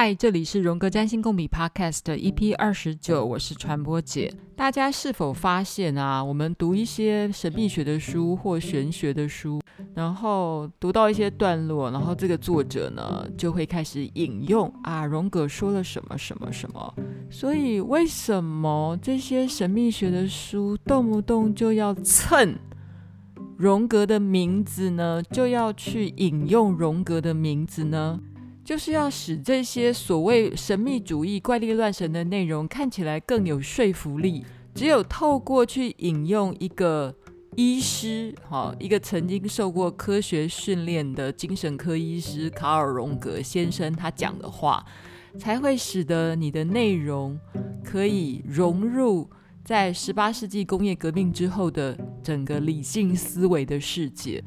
嗨，Hi, 這裡是榮格占星共筆 Podcast EP 二十九，我是傳播姐。大家是否發現啊，我們讀一些神秘學的書或玄學的書，然後讀到一些段落，然後這個作者呢就會開始引用啊，榮格說了什麼什麼什麼。所以為什麼這些神秘學的書動不動就要蹭榮格的名字呢？就要去引用榮格的名字呢？就是要使這些所謂神秘主義、怪力亂神的內容看起來更有說服力。只有透過去引用一個醫師，一個曾經受過科學訓練的精神科醫師卡爾·榮格先生他講的話，才會使得你的內容可以融入在十八世紀工業革命之後的整個理性思維的世界。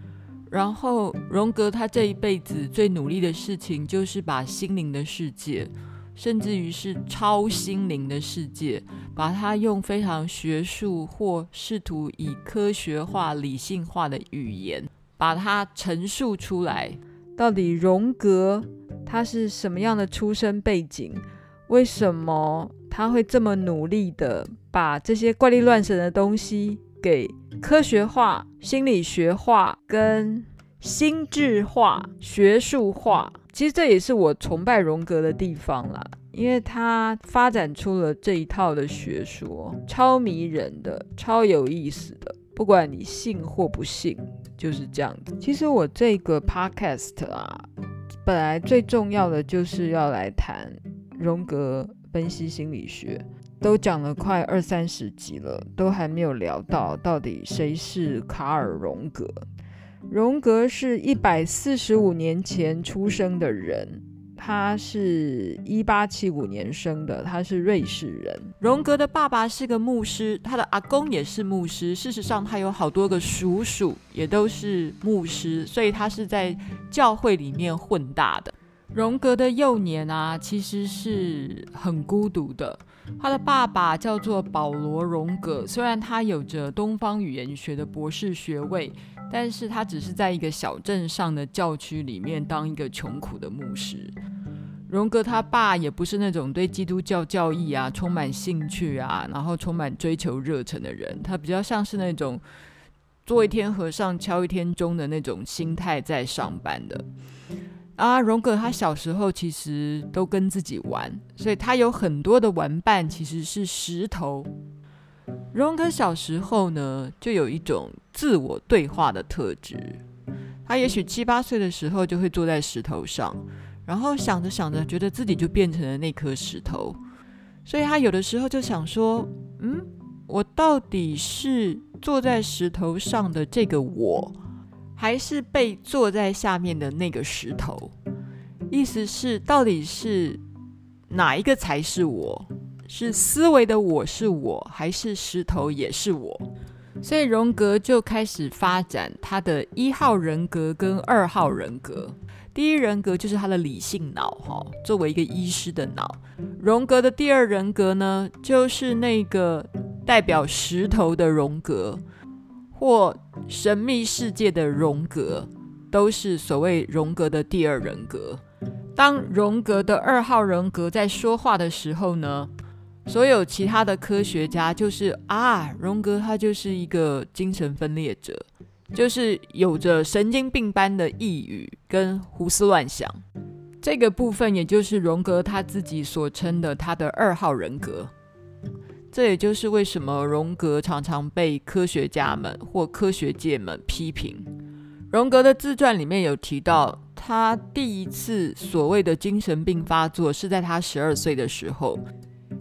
然後，榮格他這一輩子最努力的事情，就是把心靈的世界，甚至於是超心靈的世界，把它用非常學術或試圖以科學化、理性化的語言把它陳述出來。到底榮格他是什麼樣的出身背景？為什麼他會這麼努力的把這些怪力亂神的東西給科學化、心理學化跟？心智化、學術化，其實這也是我崇拜榮格的地方啦，因為他發展出了這一套的學說，超迷人的，超有意思的。不管你信或不信，就是這樣子。其實我這個 podcast 啊，本來最重要的就是要來談榮格分析心理學，都講了快二三十集了，都還沒有聊到到底誰是卡爾榮格。榮格是一百四十五年前出生的人，他是一八七五年生的，他是瑞士人。榮格的爸爸是個牧師，他的阿公也是牧師，事實上他有好多個叔叔也都是牧師，所以他是在教會裡面混大的。榮格的幼年啊，其實是很孤獨的。他的爸爸叫做保羅·榮格，雖然他有着東方語言學的博士學位，但是他只是在一個小鎮上的教區裡面當一個窮苦的牧師。榮格他爸也不是那種對基督教教義啊充滿興趣啊，然後充滿追求熱忱的人，他比較像是那種做一天和尚敲一天鐘的那種心態在上班的。啊，榮格他小時候其實都跟自己玩，所以他有很多的玩伴其實是石頭。榮格小時候呢，就有一種自我對話的特質，他也許七八歲的時候就會坐在石頭上，然後想着想着，覺得自己就變成了那顆石頭，所以他有的時候就想說，嗯，我到底是坐在石頭上的這個我？還是被坐在下面的那個石頭，意思是到底是哪一個才是我？是思維的我是我，還是石頭也是我？所以榮格就開始發展他的一號人格跟二號人格。第一人格就是他的理性腦，哈，作為一個醫師的腦。榮格的第二人格呢，就是那個代表石頭的榮格，或神秘世界的榮格，都是所謂榮格的第二人格。當榮格的二號人格在說話的時候呢，所有其他的科學家就是啊，榮格他就是一個精神分裂者，就是有着神經病般的抑鬱跟胡思亂想。這個部分也就是榮格他自己所稱的他的二號人格。這也就是為什麼榮格常常被科學家們或科學界們批評。榮格的自傳裡面有提到，他第一次所謂的精神病發作是在他十二歲的時候。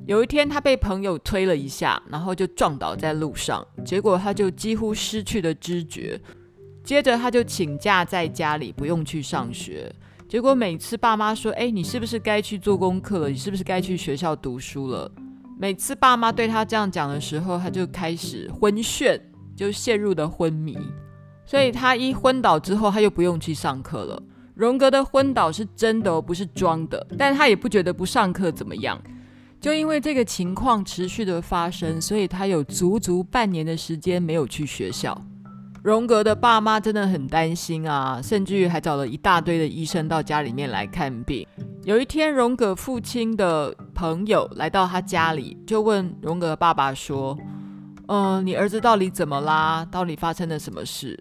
有一天，他被朋友推了一下，然後就撞倒在路上，結果他就幾乎失去了知覺。接着，他就請假在家裡，不用去上學。結果每次爸媽說：“哎，你是不是該去做功課了？你是不是該去學校讀書了？”每次爸媽對他這樣講的時候，他就開始昏眩，就陷入了昏迷。所以他一昏倒之後，他就不用去上課了。榮格的昏倒是真的哦，不是裝的，但他也不覺得不上課怎麼樣。就因為這個情況持續的發生，所以他有足足半年的時間沒有去學校。榮格的爸媽真的很擔心啊，甚至於還找了一大堆的醫生到家裡面來看病。有一天，榮格父親的朋友來到他家裡，就問榮格爸爸說：“嗯、呃，你兒子到底怎麼啦？到底發生了什麼事？”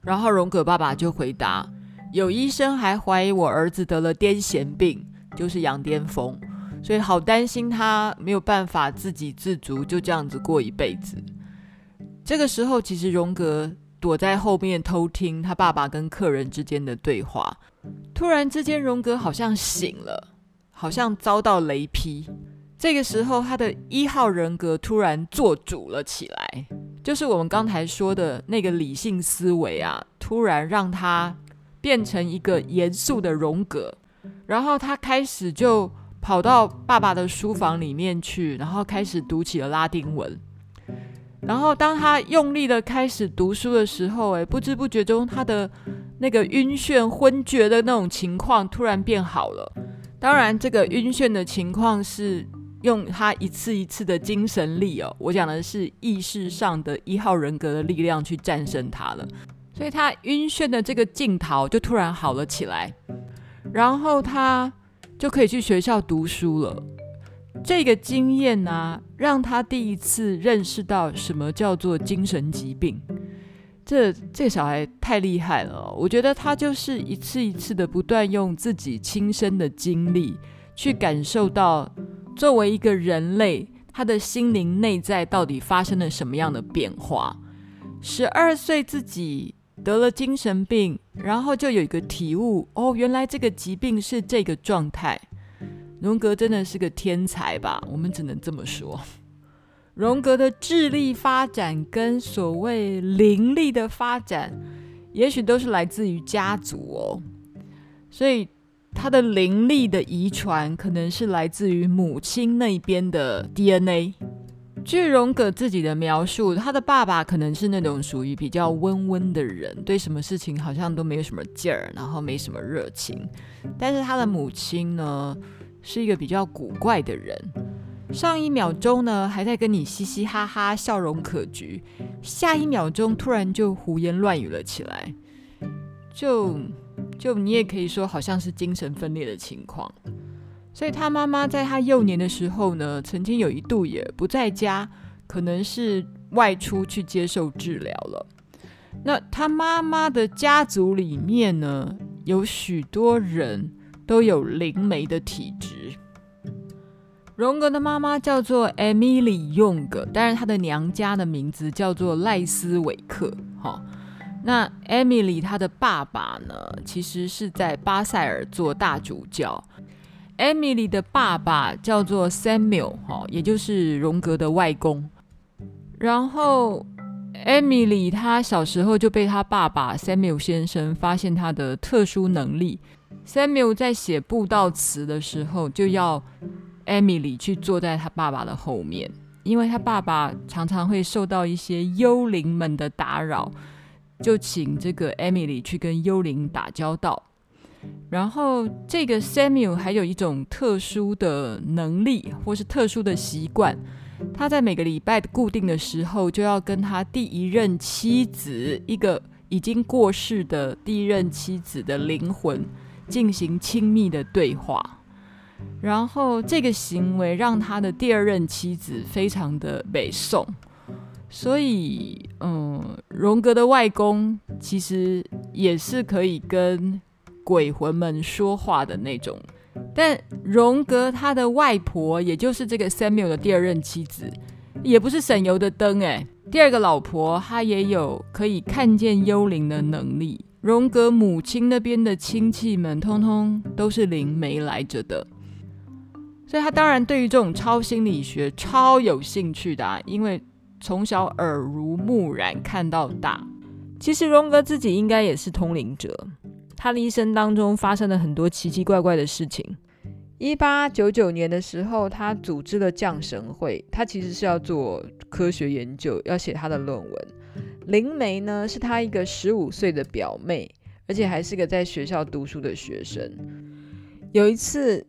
然後榮格爸爸就回答：“有醫生還懷疑我兒子得了癲癇病，就是羊癲瘋，所以好擔心他沒有辦法自給自足，就這樣子過一輩子。”這個時候，其實榮格躲在後面偷聽他爸爸跟客人之間的對話，突然之間，榮格好像醒了，好像遭到雷劈。這個時候，他的一號人格突然做主了起來，就是我們剛才說的那個理性思維啊，突然讓他變成一個嚴肅的榮格，然後他開始就跑到爸爸的書房裡面去，然後開始讀起了拉丁文。然後，當他用力的開始讀書的時候，哎，不知不覺中，他的那個暈眩昏厥的那種情況突然變好了。當然，這個暈眩的情況是用他一次一次的精神力哦，我講的是意識上的一號人格的力量去戰勝他了，所以他暈眩的這個勁頭就突然好了起來，然後他就可以去學校讀書了。這個經驗呢、啊，讓他第一次認識到什麼叫做精神疾病。這這個小孩太厲害了，我覺得他就是一次一次的不斷用自己親身的經歷去感受到，作為一個人類，他的心靈內在到底發生了什麼樣的變化。十二歲自己得了精神病，然後就有一個體悟：哦，原來這個疾病是這個狀態。榮格真的是個天才吧？我們只能這麼說。榮格的智力發展跟所謂靈力的發展，也許都是來自於家族哦。所以他的靈力的遺傳可能是來自於母親那邊的 DNA。據榮格自己的描述，他的爸爸可能是那種屬於比較溫溫的人，對什麼事情好像都沒有什麼勁兒，然後沒什麼熱情。但是他的母親呢，是一個比較古怪的人，上一秒鐘呢還在跟你嘻嘻哈哈，笑容可掬，下一秒鐘突然就胡言亂語了起來，就就你也可以說好像是精神分裂的情況。所以他媽媽在他幼年的時候呢，曾經有一度也不在家，可能是外出去接受治療了。那他媽媽的家族裡面呢，有許多人。都有靈媒的體質。榮格的媽媽叫做 Emily Jung，但是她的娘家的名字叫做賴斯維克。哦，那 Emily 她的爸爸呢，其實是在巴塞爾做大主教。Emily 的爸爸叫做 Samuel，哦，也就是榮格的外公。然後 Emily 她小時候就被她爸爸 Samuel 先生發現她的特殊能力。Samuel 在寫布道詞的時候，就要 Emily 去坐在他爸爸的後面，因為他爸爸常常會受到一些幽靈們的打擾，就請這個 Emily 去跟幽靈打交道。然後，這個 Samuel 還有一種特殊的能力，或是特殊的習慣，他在每個禮拜固定的時候，就要跟他第一任妻子一個已經過世的第一任妻子的靈魂，進行親密的對話，然後這個行為讓他的第二任妻子非常的北送，所以，嗯，榮格的外公其實也是可以跟鬼魂們說話的那種，但榮格他的外婆，也就是這個 Samuel 的第二任妻子，也不是省油的燈哎、欸，第二個老婆她也有可以看見幽靈的能力。榮格母親那邊的親戚們，通通都是靈媒來着的，所以他當然對於這種超心理學超有興趣的啊，因為從小耳濡目染看到大。其實榮格自己應該也是通靈者，他的一生當中發生了很多奇奇怪怪的事情。一八九九年的時候，他組織了降神會，他其實是要做科學研究，要寫他的論文。靈媒呢，是她一個十五歲的表妹，而且還是個在學校讀書的學生。有一次，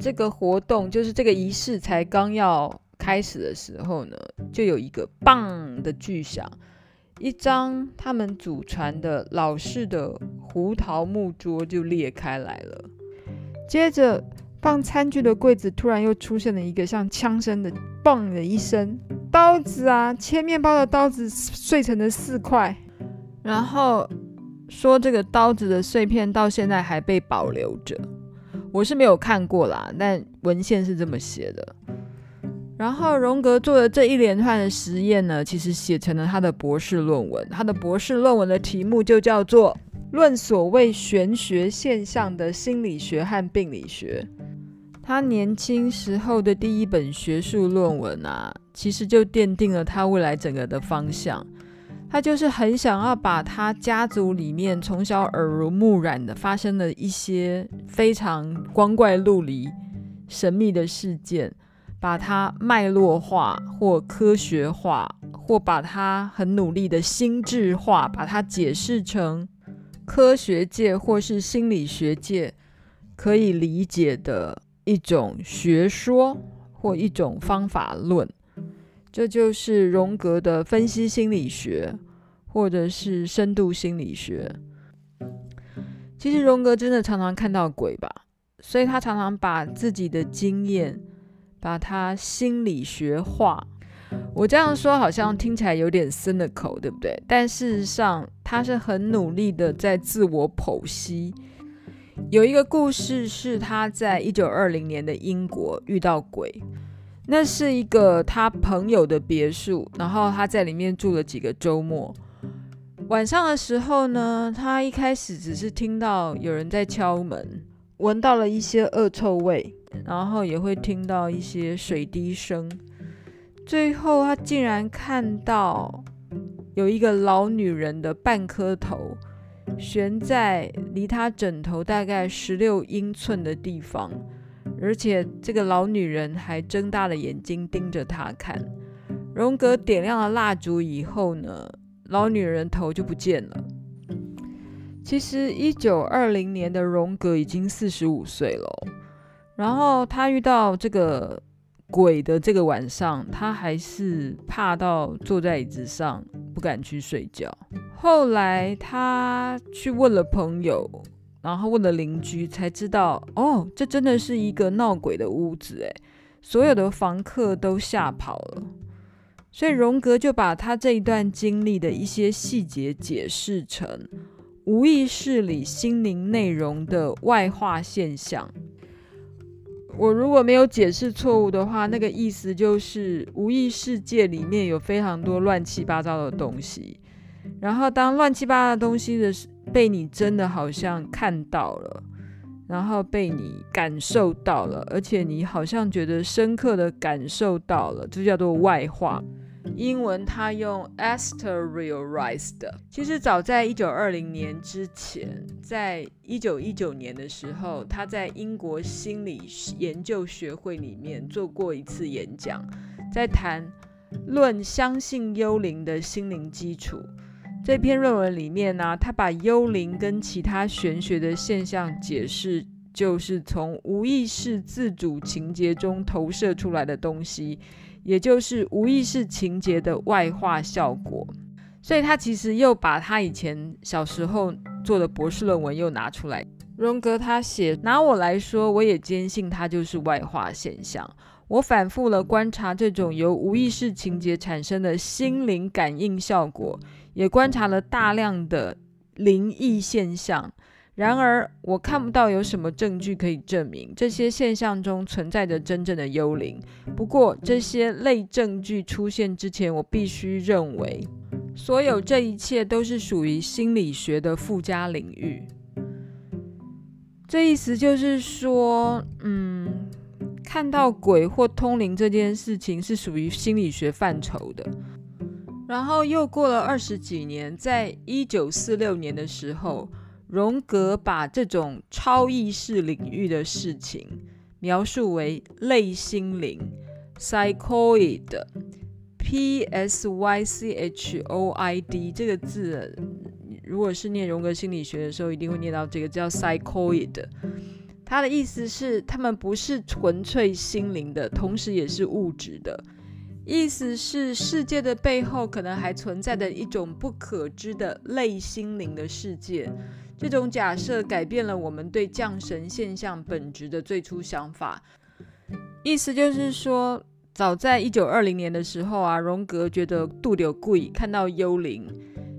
這個活動就是這個儀式才剛要開始的時候呢，就有一個“嘣”的巨響，一張他們祖傳的老式的胡桃木桌就裂開來了。接着，放餐具的櫃子突然又出現了一個像槍聲的“嘣”的一聲。刀子啊，切麵包的刀子碎成了四塊，然後說這個刀子的碎片到現在還被保留着。我是沒有看過啦，但文獻是這麼寫的。然後榮格做的這一連串的實驗呢，其實寫成了他的博士論文。他的博士論文的題目就叫做《論所謂玄學現象的心理學和病理學》。他年輕時候的第一本學術論文啊，其實就奠定了他未來整個的方向。他就是很想要把他家族裡面從小耳濡目染的發生的一些非常光怪陸離、神秘的事件，把它脈絡化或科學化，或把他很努力的心智化，把它解釋成科學界或是心理學界可以理解的一種學說或一種方法論，這就是榮格的分析心理學，或者是深度心理學。其實榮格真的常常看到鬼吧？所以他常常把自己的經驗把它心理學化。我這樣說好像聽起來有點 cynical，對不對？但事實上他是很努力的在自我剖析。有一個故事是他在一九二零年的英國遇到鬼，那是一個他朋友的別墅，然後他在裡面住了幾個周末。晚上的時候呢，他一開始只是聽到有人在敲門，聞到了一些惡臭味，然後也會聽到一些水滴聲。最後，他竟然看到有一個老女人的半顆頭。懸在離他枕頭大概十六英寸的地方，而且這個老女人還睜大了眼睛盯着他看。榮格點亮了蠟燭以後呢，老女人頭就不見了。其實，一九二零年的榮格已經四十五歲了，然後他遇到這個鬼的這個晚上，他還是怕到坐在椅子上不敢去睡覺。後來他去問了朋友，然後問了鄰居，才知道哦，這真的是一個鬧鬼的屋子哎，所有的房客都嚇跑了。所以榮格就把他這一段經歷的一些細節解釋成無意識裡心靈內容的外化現象。我如果沒有解釋錯誤的話，那個意思就是，無意識世界裡面有非常多亂七八糟的東西，然後當亂七八糟的東西的被你真的好像看到了，然後被你感受到了，而且你好像覺得深刻的感受到了，這叫做外化。英文他用 asteriorized。其實早在一九二零年之前，在一九一九年的時候，他在英國心理研究學會裡面做過一次演講，在談論相信幽靈的心靈基礎這篇論文裡面呢、啊，他把幽靈跟其他玄學的現象解釋，就是從無意識自主情結，中投射出來的東西。也就是無意識情節的外化效果，所以他其實又把他以前小時候做的博士論文又拿出來。榮格他寫，拿我來說，我也堅信它就是外化現象。我反復了觀察這種由無意識情節產生的心靈感應效果，也觀察了大量的靈異現象。然而，我看不到有什麼證據可以證明這些現象中存在着真正的幽靈。不過，這些類證據出現之前，我必須認為，所有這一切都是屬於心理學的附加領域。這意思就是說，嗯，看到鬼或通靈這件事情是屬於心理學範疇的。然後又過了二十幾年，在一九四六年的時候，榮格把這種超意識領域的事情描述為類心靈 （psychoid）。P-S-Y-C-H-O-I-D 這個字，如果是念榮格心理學的時候，一定會念到這個叫 psychoid。它的意思是，他們不是純粹心靈的，同時也是物質的。意思是，世界的背後可能還存在的一種不可知的類心靈的世界。這種假設改變了我們對降神現象本質的最初想法。意思就是說，早在一九二零年的時候啊，榮格覺得渡流貴看到幽靈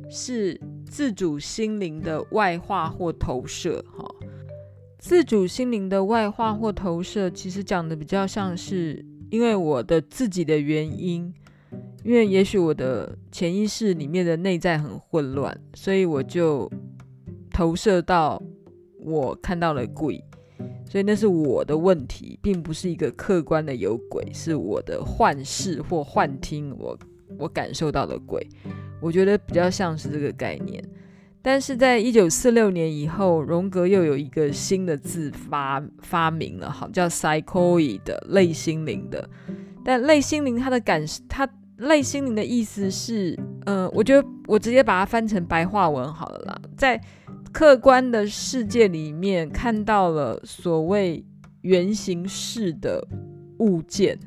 是自主心靈的外化或投射。哈、哦，自主心靈的外化或投射，其實講的比較像是因為我的自己的原因，因為也許我的潛意識裡面的內在很混亂，所以我就。投射到我看到了鬼，所以那是我的問題，並不是一個客觀的有鬼，是我的幻視或幻聽我，我我感受到了鬼，我覺得比較像是這個概念。但是在一九四六年以後，榮格又有一個新的字發發明了好，好叫 psychoid 的類心靈的，但類心靈它的感，它類心靈的意思是，嗯、呃，我覺得我直接把它翻成白話文好了啦，在。客觀的世界裡面看到了所謂原型式的物件。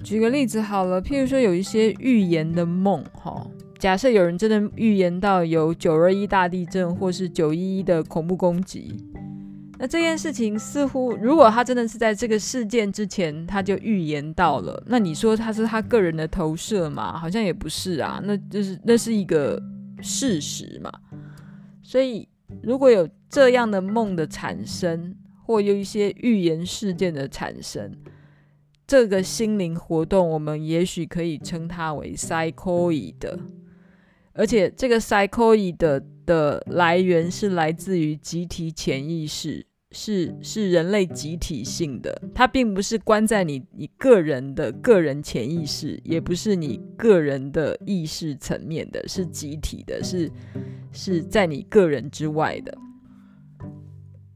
舉個例子好了，譬如說有一些預言的夢，哈，假設有人真的預言到有九二一大地震，或是九一一的恐怖攻擊，那這件事情似乎，如果他真的是在這個事件之前他就預言到了，那你說他是他個人的投射嗎？好像也不是啊，那就是那是一個事實嘛，所以。如果有這樣的夢的產生，或有一些預言事件的產生，這個心靈活動，我們也許可以稱它為 psychoid，而且這個 psychoid 的的來源是來自於集體潛意識。是是人類集體性的，它並不是關在你你個人的個人潛意識，也不是你個人的意識層面的，是集體的，是是在你個人之外的。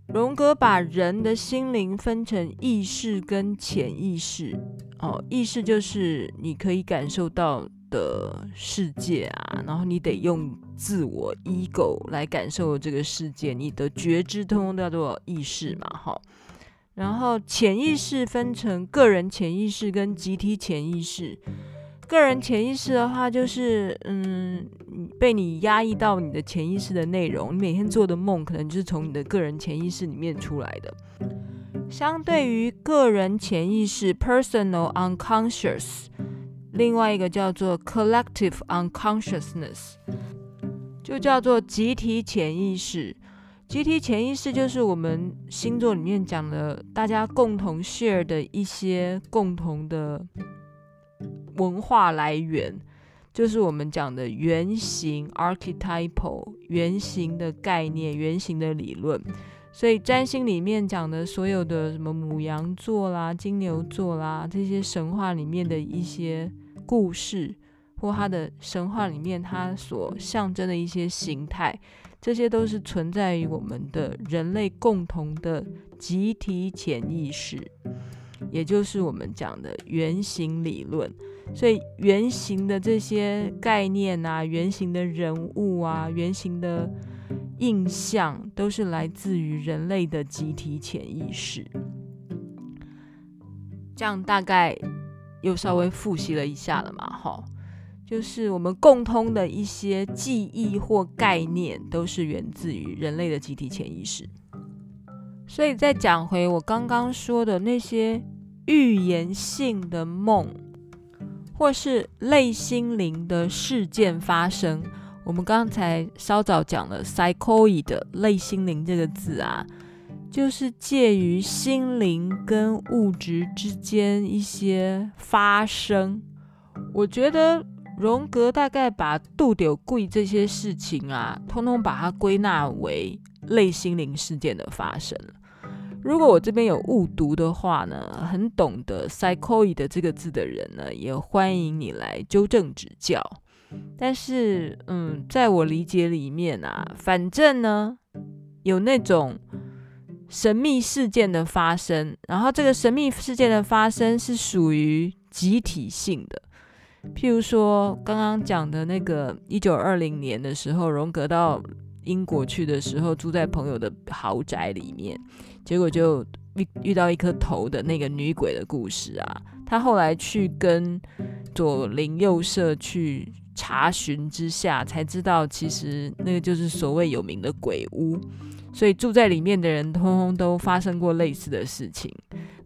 榮格把人的心靈分成意識跟潛意識，哦，意識就是你可以感受到的世界啊，然後你得用。自我 ego 來感受這個世界，你的覺知通通叫做意識嘛，吼，然後潛意識分成個人潛意識跟集體潛意識。個人潛意識的話，就是嗯，被你壓抑到你的潛意識的內容，你每天做的夢可能就是從你的個人潛意識裡面出來的。相對於個人潛意識 （personal unconscious），另外一個叫做 collective unconsciousness。就叫做集體潛意識。集體潛意識就是我們星座裡面講的，大家共同 share 的一些共同的文化來源，就是我們講的原型 archetypal 原型的概念、原型的理論。所以，占星裡面講的所有的什麼牡羊座啦、金牛座啦，這些神話裡面的一些故事。或它的神話裡面，它所象徵的一些形態，這些都是存在於我們的人類共同的集體潛意識，也就是我們講的原型理論。所以，原型的這些概念啊，原型的人物啊，原型的印象，都是來自於人類的集體潛意識。這樣大概又稍微複習了一下了嘛，哈。就是我們共通的一些記憶或概念，都是源自於人類的集體潛意識。所以，再講回我剛剛說的那些預言性的夢，或是類心靈的事件發生，我們剛才稍早講了 psychoid 類心靈這個字啊，就是介於心靈跟物質之間一些發生。我覺得。榮格大概把度丟、貴這些事情啊，通通把它歸納為類心靈事件的發生。如果我這邊有誤讀的話呢，很懂得 psychoid 這個字的人呢，也歡迎你來糾正指教。但是，嗯，在我理解裡面啊，反正呢，有那種神秘事件的發生，然後這個神秘事件的發生是屬於集體性的。譬如說，剛剛講的那個一九二零年的時候，榮格到英國去的時候，住在朋友的豪宅裡面，結果就遇遇到一顆頭的那個女鬼的故事啊。他後來去跟左鄰右舍去查詢之下，才知道其實那個就是所謂有名的鬼屋。所以住在裡面的人通通都發生過類似的事情。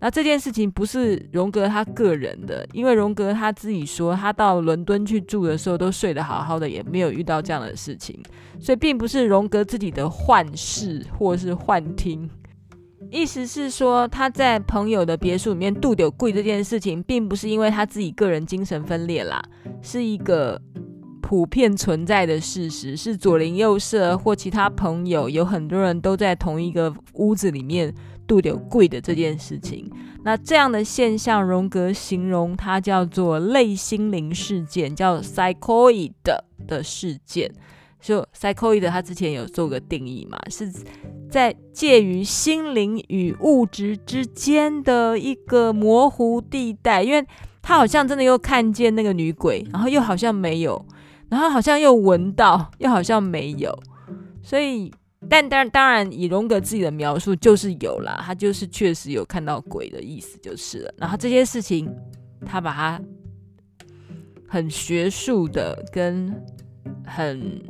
那這件事情不是榮格他個人的，因為榮格他自己說他到倫敦去住的時候都睡得好好的，也沒有遇到這樣的事情。所以並不是榮格自己的幻視或是幻聽。意思是說他在朋友的別墅裡面度有跪這件事情，並不是因為他自己個人精神分裂啦，是一個。普遍存在的事實是，左鄰右舍或其他朋友有很多人都在同一個屋子裡面度有鬼的這件事情。那這樣的現象，榮格形容它叫做“類心靈事件”，叫 psychoid 的事件。就、so, psychoid，他之前有做個定義嘛，是在介於心靈與物質之間的一個模糊地帶，因為他好像真的又看見那個女鬼，然後又好像沒有。然後好像又聞到，又好像沒有，所以，但當當然以榮格自己的描述就是有啦，他就是確實有看到鬼的意思就是了。然後這些事情，他把他很學術的跟很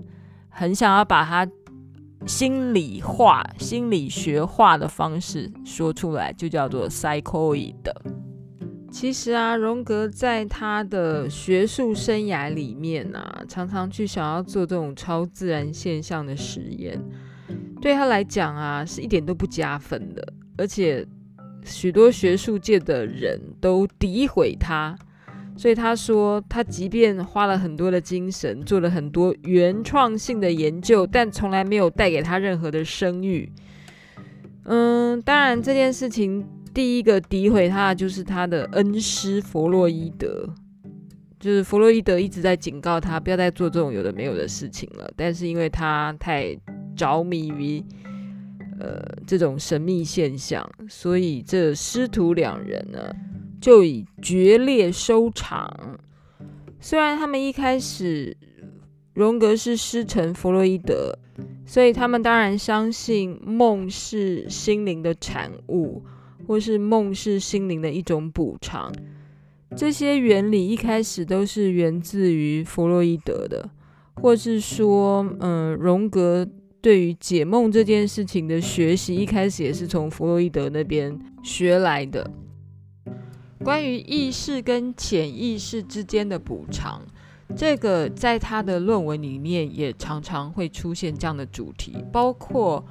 很想要把他心理化、心理學化的方式說出來，就叫做 psychoid 的。其實啊，榮格在他的學術生涯裡面啊，常常去想要做這種超自然現象的實驗，對他來講啊，是一點都不加分的。而且許多學術界的人都詆毀他，所以他說，他即便花了很多的精神，做了很多原創性的研究，但從來沒有帶給他任何的聲譽。嗯，當然這件事情。第一個詆毀他的就是他的恩師弗洛伊德，就是弗洛伊德一直在警告他不要再做這種有的沒有的事情了。但是因為他太着迷於呃這種神秘現象，所以這師徒兩人呢就以決裂收場。雖然他們一開始榮格是師承弗洛伊德，所以他們當然相信夢是心靈的產物。或是夢是心靈的一種補償，這些原理一開始都是源自於弗洛伊德的，或是說，嗯，榮格對於解夢這件事情的學習一開始也是從弗洛伊德那邊學來的。關於意識跟潛意識之間的補償。這個在他的論文裡面也常常會出現這樣的主題，包括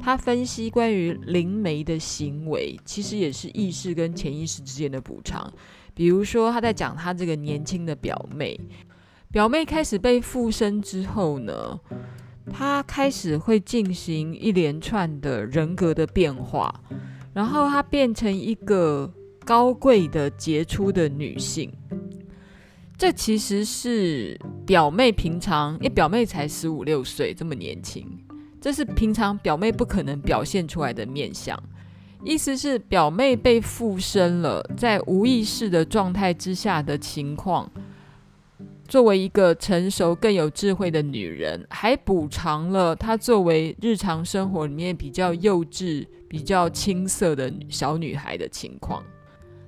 他分析關於靈媒的行為，其實也是意識跟潛意識之間的補償。比如說，他在講他這個年輕的表妹，表妹開始被附身之後呢，她開始會進行一連串的人格的變化，然後她變成一個高貴的、傑出的女性。這其實是表妹平常，因為表妹才十五六歲，這麼年輕，這是平常表妹不可能表現出來的面相。意思是表妹被附身了，在無意識的狀態之下的情況。作為一個成熟、更有智慧的女人，還補償了她作為日常生活裡面比較幼稚、比較青澀的小女孩的情況。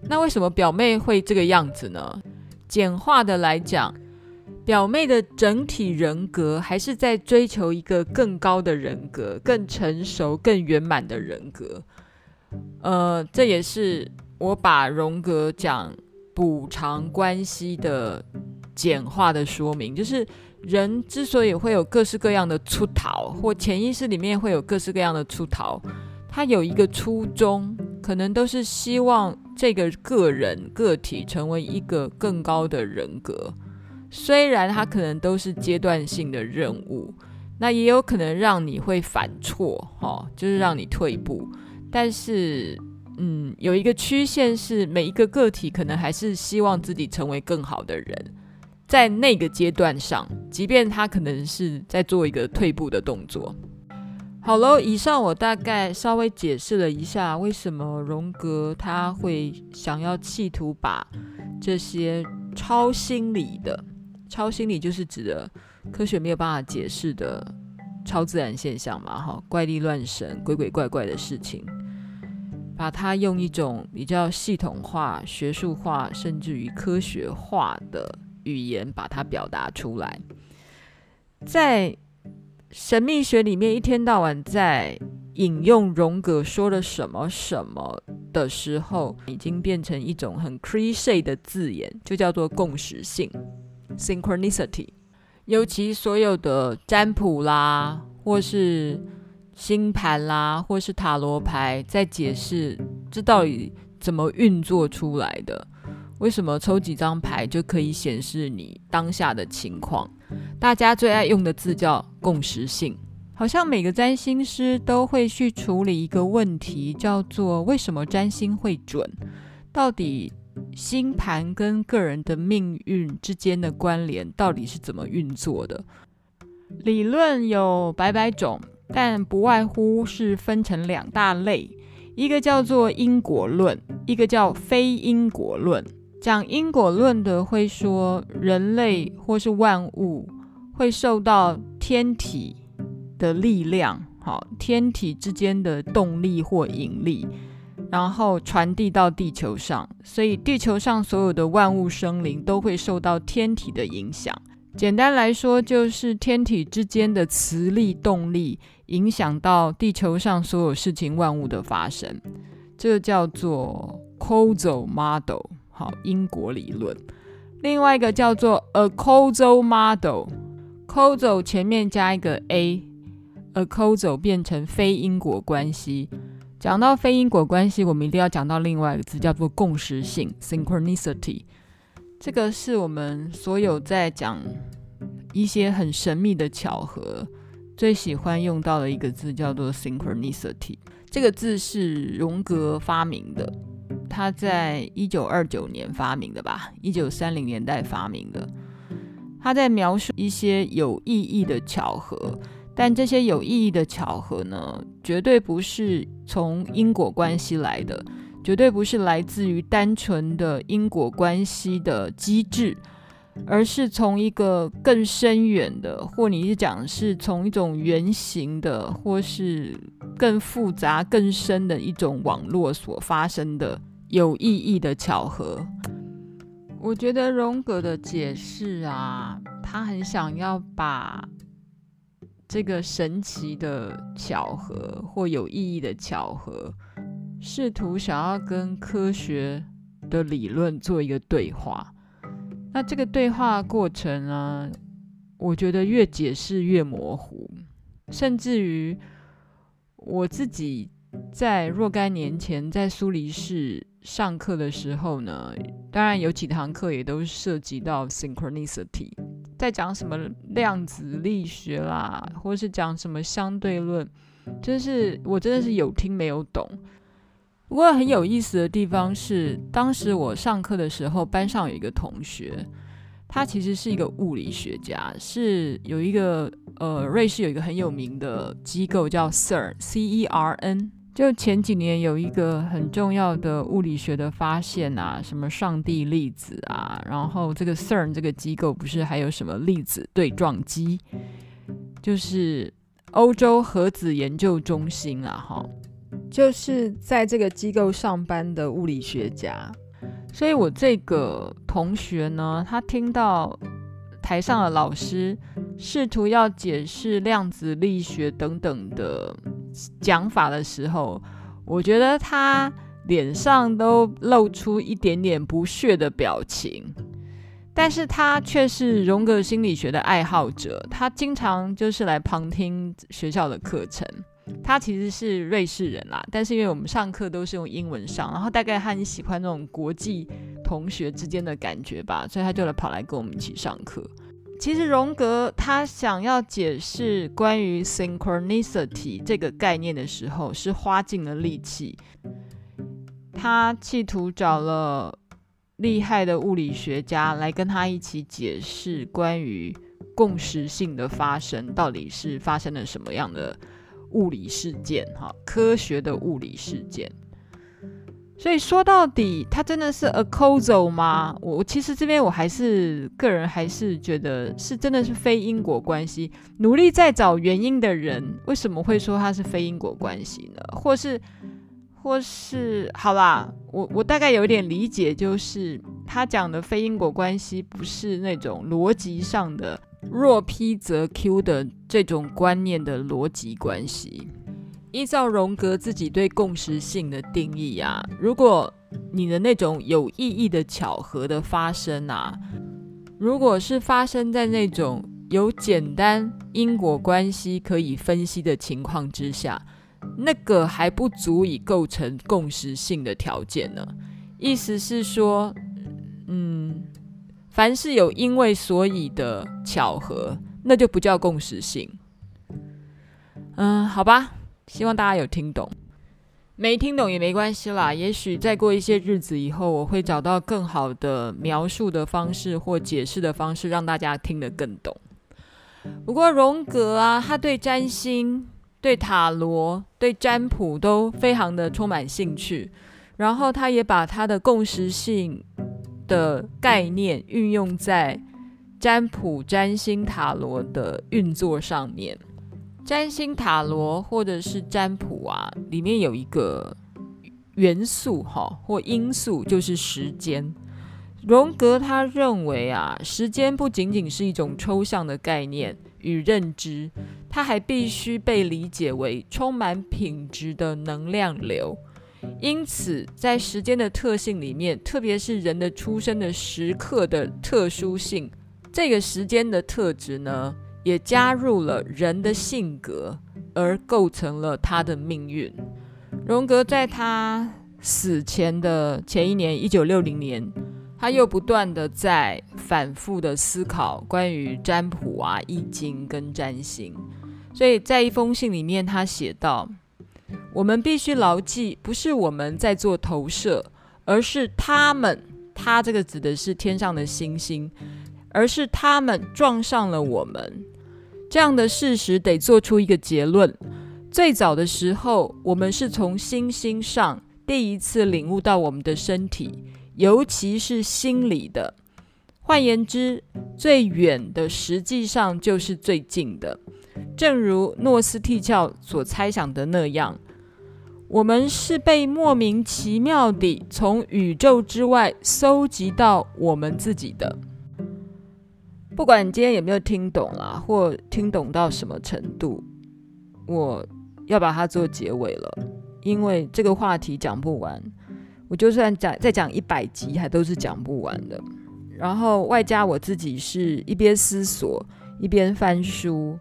那為什麼表妹會這個樣子呢？簡化的來講，表妹的整體人格還是在追求一個更高的人格、更成熟、更圓滿的人格。呃，這也是我把榮格講補償關係的簡化的說明，就是人之所以會有各式各樣的出逃，或潛意識裡面會有各式各樣的出逃，它有一個初衷。可能都是希望這個個人個體成為一個更高的人格，雖然他可能都是階段性的任務，那也有可能讓你會犯錯，哈、哦，就是讓你退步，但是，嗯，有一個曲線是每一個個體可能還是希望自己成為更好的人，在那個階段上，即便他可能是在做一個退步的動作。好了，以上我大概稍微解釋了一下，為什麼榮格他會想要企圖把這些超心理的，超心理就是指的科學沒有辦法解釋的超自然現象嘛，哈，怪力亂神、鬼鬼怪怪的事情，把它用一種比較系統化、學術化，甚至於科學化的語言把它表達出來，在。神秘學裡面一天到晚在引用榮格說了什麼什麼的時候，已經變成一種很 cliché 的字眼，就叫做共時性 （synchronicity）。尤其所有的占卜啦，或是星盤啦，或是塔羅牌，在解釋這到底怎麼運作出來的，為什麼抽幾張牌就可以顯示你當下的情況。大家最愛用的字叫共時性，好像每個占星師都會去處理一個問題，叫做為什麼占星會準？到底星盤跟個人的命運之間的關聯到底是怎麼運作的？理論有百百種，但不外乎是分成兩大類，一個叫做因果論，一個叫非因果論。講因果論的會說，人類或是萬物會受到天體的力量，好，天體之間的動力或引力，然後傳遞到地球上，所以地球上所有的萬物生靈都會受到天體的影響。簡單來說，就是天體之間的磁力、動力影響到地球上所有事情、萬物的發生，這個叫做 Causal Model。好，因果理論。另外一個叫做 acausal model，causal 前面加一個 a, a，acausal 變成非因果關係。講到非因果關係，我們一定要講到另外一個字，叫做共時性 （synchronicity）。這個是我們所有在講一些很神秘的巧合，最喜歡用到的一個字，叫做 synchronicity。這個字是榮格發明的。他在一九二九年發明的吧，一九三零年代發明的。他在描述一些有意義的巧合，但這些有意義的巧合呢，絕對不是從因果關係來的，絕對不是來自於單純的因果關係的機制，而是從一個更深遠的，或你是講是從一種原型的，或是更複雜、更深的一種網絡所發生的。有意義的巧合，我覺得榮格的解釋啊，他很想要把這個神奇的巧合或有意義的巧合，試圖想要跟科學的理論做一個對話。那這個對話過程呢啊，我覺得越解釋越模糊，甚至於我自己在若干年前在蘇黎世。上課的時候呢，當然有幾堂課也都涉及到 synchronicity，在講什麼量子力學啦，或是講什麼相對論，就是我真的是有聽沒有懂。不過很有意思的地方是，當時我上課的時候，班上有一個同學，他其實是一個物理學家，是有一個呃，瑞士有一個很有名的機構叫 CERN, CERN。C E R N 就前幾年有一個很重要的物理學的發現啊，什麼上帝粒子啊，然後這個 CERN 這個機構不是還有什麼粒子對撞機，就是歐洲核子研究中心啊，哈，就是在這個機構上班的物理學家，所以我這個同學呢，他聽到台上的老師試圖要解釋量子力學等等的。講法的時候，我覺得他臉上都露出一點點不屑的表情，但是他卻是榮格心理學的愛好者，他經常就是來旁聽學校的課程。他其實是瑞士人啦，但是因為我們上課都是用英文上，然後大概他很喜歡那種國際同學之間的感覺吧，所以他就來跑來跟我們一起上課。其實榮格他想要解釋關於 synchronicity 這個概念的時候，是花盡了力氣。他企圖找了厲害的物理學家來跟他一起解釋關於共時性的發生，到底是發生了什麼樣的物理事件，哈，科學的物理事件。所以說到底，它真的是 a c c a 嗎？我其實這邊我還是個人還是覺得是真的是非因果關係。努力在找原因的人，為什麼會說它是非因果關係呢？或是或是好啦，我我大概有點理解，就是他講的非因果關係不是那種邏輯上的若 p 則 q 的這種觀念的邏輯關係。依照榮格自己對共時性的定義啊，如果你的那種有意義的巧合的發生啊，如果是發生在那種有簡單因果關係可以分析的情況之下，那個還不足以構成共時性的條件呢。意思是說，嗯，凡是有因為所以的巧合，那就不叫共時性。嗯，好吧。希望大家有聽懂，沒聽懂也沒關係啦。也許再過一些日子以後，我會找到更好的描述的方式或解釋的方式，讓大家聽得更懂。不過榮格啊，他對占星、對塔羅、對占卜都非常的充滿興趣，然後他也把他的共時性的概念運用在占卜、占星、塔羅的運作上面。占星、塔羅或者是占卜啊，裡面有一個元素吼或因素，就是時間。榮格他認為啊，時間不僅僅是一種抽象的概念與認知，它還必須被理解為充滿品質的能量流。因此，在時間的特性裡面，特別是人的出生的時刻的特殊性，這個時間的特質呢，也加入了人的性格，而構成了他的命運。榮格在他死前的前一年，一九六零年，他又不斷地在反覆地思考關於占卜啊、易經跟占星。所以在一封信裡面，他寫道：“我們必須牢記，不是我們在做投射，而是他們，他這個指的是天上的星星，而是他們撞上了我們。”這樣的事實得做出一個結論：最早的時候，我們是從星星上第一次領悟到我們的身體，尤其是心理的。換言之，最遠的實際上就是最近的。正如諾斯替教所猜想的那樣，我們是被莫名其妙地從宇宙之外收集到我們自己的。不管你今天有沒有聽懂啊，或聽懂到什麼程度，我要把它做結尾了，因為這個話題講不完，我就算講再講一百集還都是講不完的。然後外加我自己是一邊思索一邊翻書，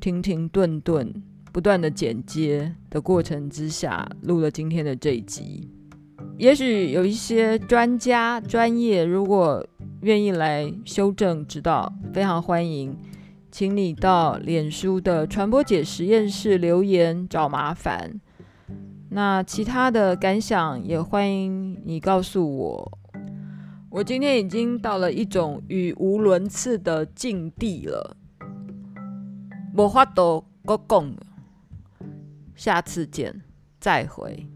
停停頓頓不斷的剪接的過程之下，錄了今天的這一集。也許有一些專家、專業，如果願意來修正指導，非常歡迎，請你到臉書的傳播姐實驗室留言找麻煩。那其他的感想也歡迎你告訴我。我今天已經到了一種語無倫次的境地了。沒法多講，下次見，再會。